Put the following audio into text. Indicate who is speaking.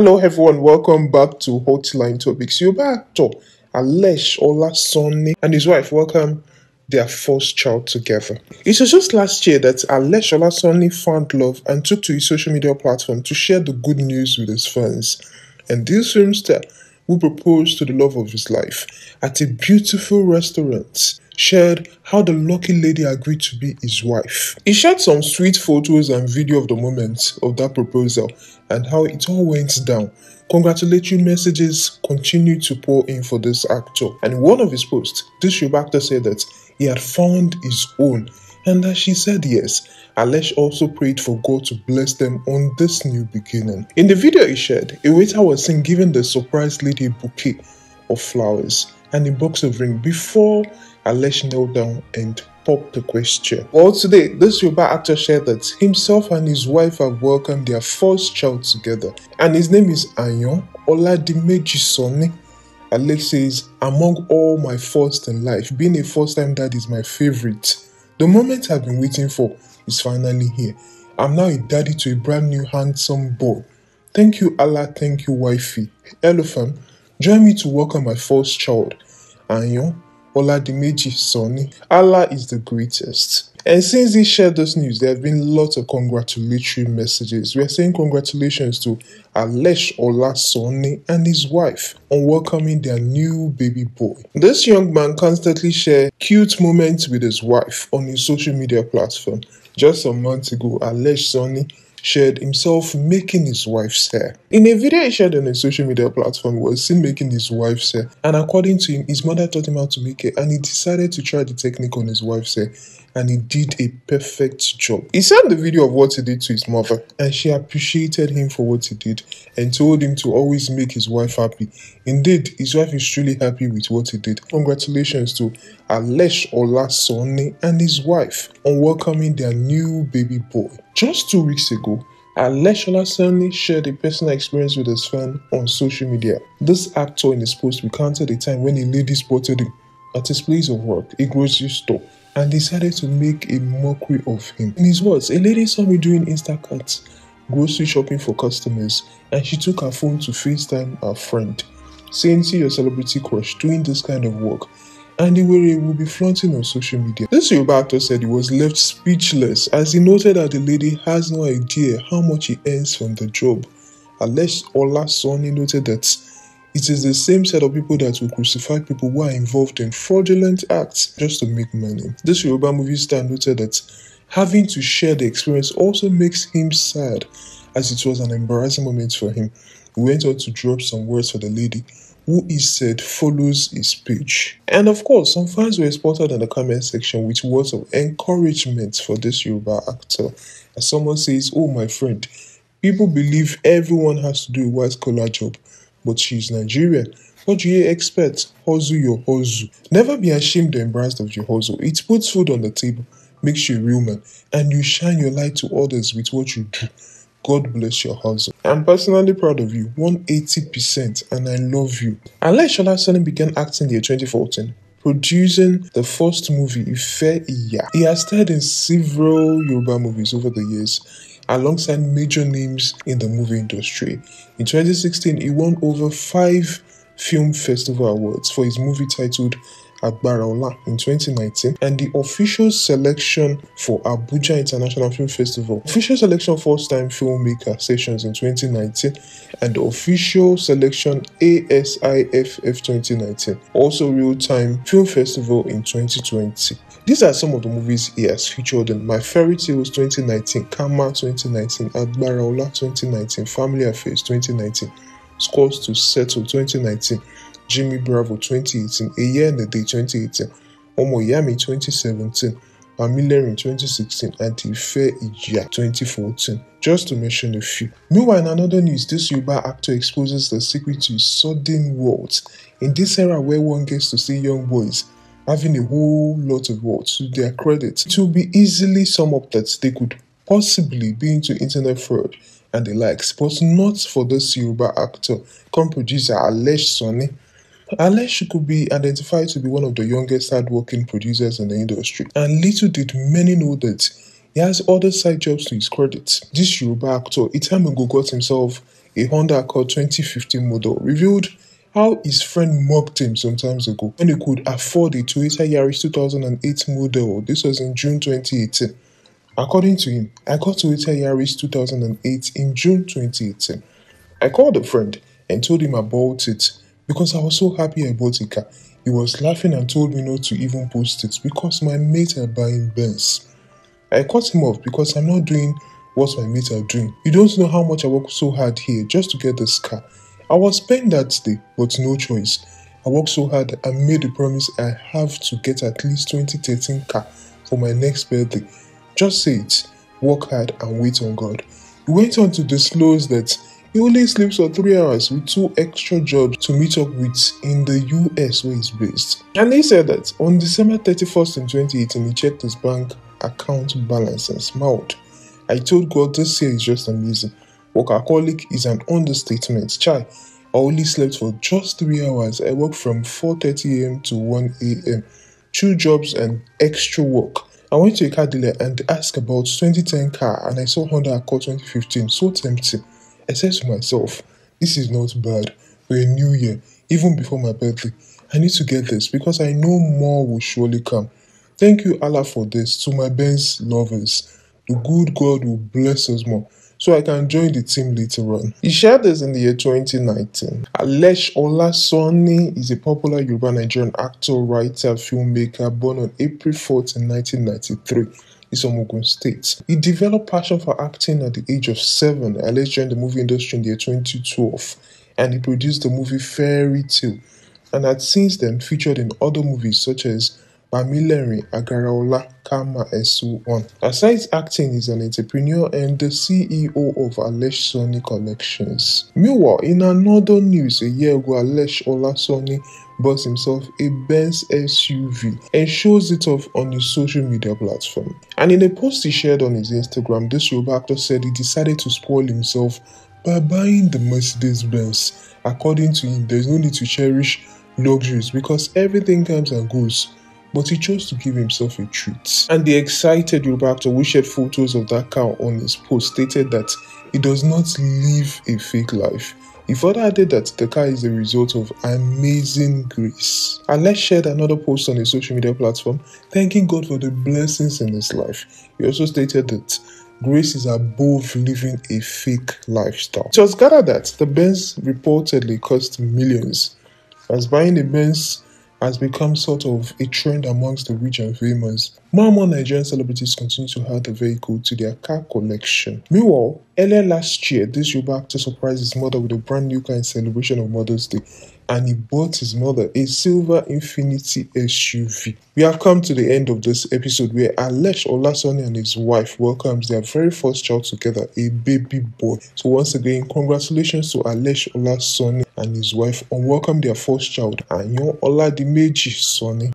Speaker 1: Hello, everyone. Welcome back to Hotline Topics. back To, Alesh Olasani and his wife welcome their first child together. It was just last year that Alesh Olasani found love and took to his social media platform to share the good news with his fans. And this film who proposed to the love of his life at a beautiful restaurant shared how the lucky lady agreed to be his wife. He shared some sweet photos and video of the moment of that proposal and how it all went down. Congratulatory messages continued to pour in for this actor. And in one of his posts, this actor said that he had found his own and that she said yes. Alesh also prayed for God to bless them on this new beginning. In the video he shared, a waiter was seen giving the surprised lady a bouquet of flowers and a box of ring before Alesh knelt down and popped the question. Well, today, this Yoruba actor shared that himself and his wife have welcomed their first child together, and his name is Anyon Oladimeji Sonny. Alex says, among all my first in life, being a first time dad is my favorite. The moment I've been waiting for is finally here. I'm now a daddy to a brand new handsome boy. Thank you, Allah. Thank you, wifey. Hello, fam. Join me to welcome my first child, Anyon Oladimeji Sonny. Allah is the greatest. And since he shared those news, there have been lots of congratulatory messages. We are saying congratulations to Alesh Olasoni and his wife on welcoming their new baby boy. This young man constantly shared cute moments with his wife on his social media platform. Just a month ago, Alesh Sonny shared himself making his wife's hair. In a video he shared on a social media platform, he was seen making his wife's hair, and according to him, his mother taught him how to make it, and he decided to try the technique on his wife's hair and he did a perfect job. He sent the video of what he did to his mother, and she appreciated him for what he did and told him to always make his wife happy. Indeed, his wife is truly happy with what he did. Congratulations to Alesh Olasone and his wife on welcoming their new baby boy. Just two weeks ago, Alesh Olasone shared a personal experience with his fan on social media. This actor in his post recounted a time when a lady spotted him at his place of work, a grocery store and decided to make a mockery of him. In his words, a lady saw me doing Instacart grocery shopping for customers and she took her phone to FaceTime her friend, saying, See your celebrity crush doing this kind of work. And the way will be flaunting on social media. This Yoruba actor said he was left speechless as he noted that the lady has no idea how much he earns from the job. unless, Ola Sony noted that it is the same set of people that will crucify people who are involved in fraudulent acts just to make money. This Yoruba movie star noted that having to share the experience also makes him sad, as it was an embarrassing moment for him. He went on to drop some words for the lady, who he said follows his speech. And of course, some fans were spotted in the comment section with words of encouragement for this Yoruba actor. As someone says, Oh, my friend, people believe everyone has to do a white collar job but she's Nigerian. What do you expect? Hustle your hustle. Never be ashamed or embarrassed of your hustle. It puts food on the table, makes you a real man, and you shine your light to others with what you do. God bless your hustle. I'm personally proud of you, 180%, and I love you. Unless Shola Sani began acting in 2014, producing the first movie, Ife Iya. He has starred in several Yoruba movies over the years alongside major names in the movie industry. In 2016, he won over five Film Festival Awards for his movie titled Agbaraola in 2019 and the official selection for Abuja International Film Festival, official selection first-time filmmaker sessions in 2019 and official selection ASIFF 2019, also real-time film festival in 2020. These are some of the movies he has featured in My Fairy Tales 2019, Kama 2019, Agbaraola 2019, Family Affairs 2019, Scores to Settle 2019, Jimmy Bravo 2018, A Year and a Day 2018, Omo Yami 2017, Pamilerin 2016, and Ife Ijia 2014, just to mention a few. Meanwhile, in another news, this Yuba actor exposes the secret to his sudden world. In this era where one gets to see young boys having a whole lot of work to their credit, it will be easily summed up that they could possibly be into internet fraud and the likes, but not for this Yoruba actor, come producer Alesh Sonny. Unless she could be identified to be one of the youngest hardworking producers in the industry. And little did many know that he has other side jobs to his credit. This Yoruba actor, Itamago, got himself a Honda Accord 2015 model, revealed how his friend mocked him some ago when he could afford a Toyota Yaris 2008 model. This was in June 2018. According to him, I got Toyota Yaris 2008 in June 2018. I called a friend and told him about it because I was so happy I bought a car. He was laughing and told me not to even post it because my mates are buying Benz. I cut him off because I'm not doing what my mates are doing. You don't know how much I worked so hard here just to get this car. I was paying that day, but no choice. I worked so hard and made the promise I have to get at least 2013 car for my next birthday. Just say it, work hard and wait on God. He went on to disclose that he only sleeps for three hours with two extra jobs to meet up with in the US where he's based. And he said that on December 31st in 2018, he checked his bank account balance and smiled. I told God this year is just amazing. Workaholic is an understatement. Chai, I only slept for just three hours. I worked from 4.30 a.m. to 1 a.m. Two jobs and extra work. I went to a car dealer and asked about 2010 car and I saw Honda Accord 2015. So tempting. I said to myself, this is not bad for a new year, even before my birthday. I need to get this because I know more will surely come. Thank you, Allah, for this. To my best lovers, the good God will bless us more so I can join the team later on. He shared this in the year 2019. Alesh Olasoni is a popular Yoruba Nigerian actor, writer, filmmaker born on April 14, 1993 is from Ogun State. He developed passion for acting at the age of seven and later joined the movie industry in the year 2012 and he produced the movie Fairy Tale and had since then featured in other movies such as Bamilerin Agaraola Kama and so Aside acting, is an entrepreneur and the CEO of Alesh Sony Collections. Meanwhile, in another news, a year ago, Alesh Olasoni bought himself a Benz SUV and shows it off on his social media platform. And in a post he shared on his Instagram, this Yoruba actor said he decided to spoil himself by buying the Mercedes Benz. According to him, there's no need to cherish luxuries because everything comes and goes but he chose to give himself a treat. And the excited Yoruba actor who shared photos of that cow on his post stated that he does not live a fake life. He further added that the car is a result of amazing grace. And let's share another post on his social media platform, thanking God for the blessings in his life. He also stated that grace is above living a fake lifestyle. It was gathered that the Benz reportedly cost millions, as buying a Benz has become sort of a trend amongst the rich and famous. More and more Nigerian celebrities continue to add the vehicle to their car collection. Meanwhile, earlier last year, this Yoruba actor surprised his mother with a brand new car in celebration of Mother's Day, and he bought his mother a silver Infinity SUV. We have come to the end of this episode where Alesh Olasani and his wife welcomes their very first child together, a baby boy. So once again, congratulations to Alesh Olasani and his wife unwelcome their first child, Anyon Oladimeji Sonny.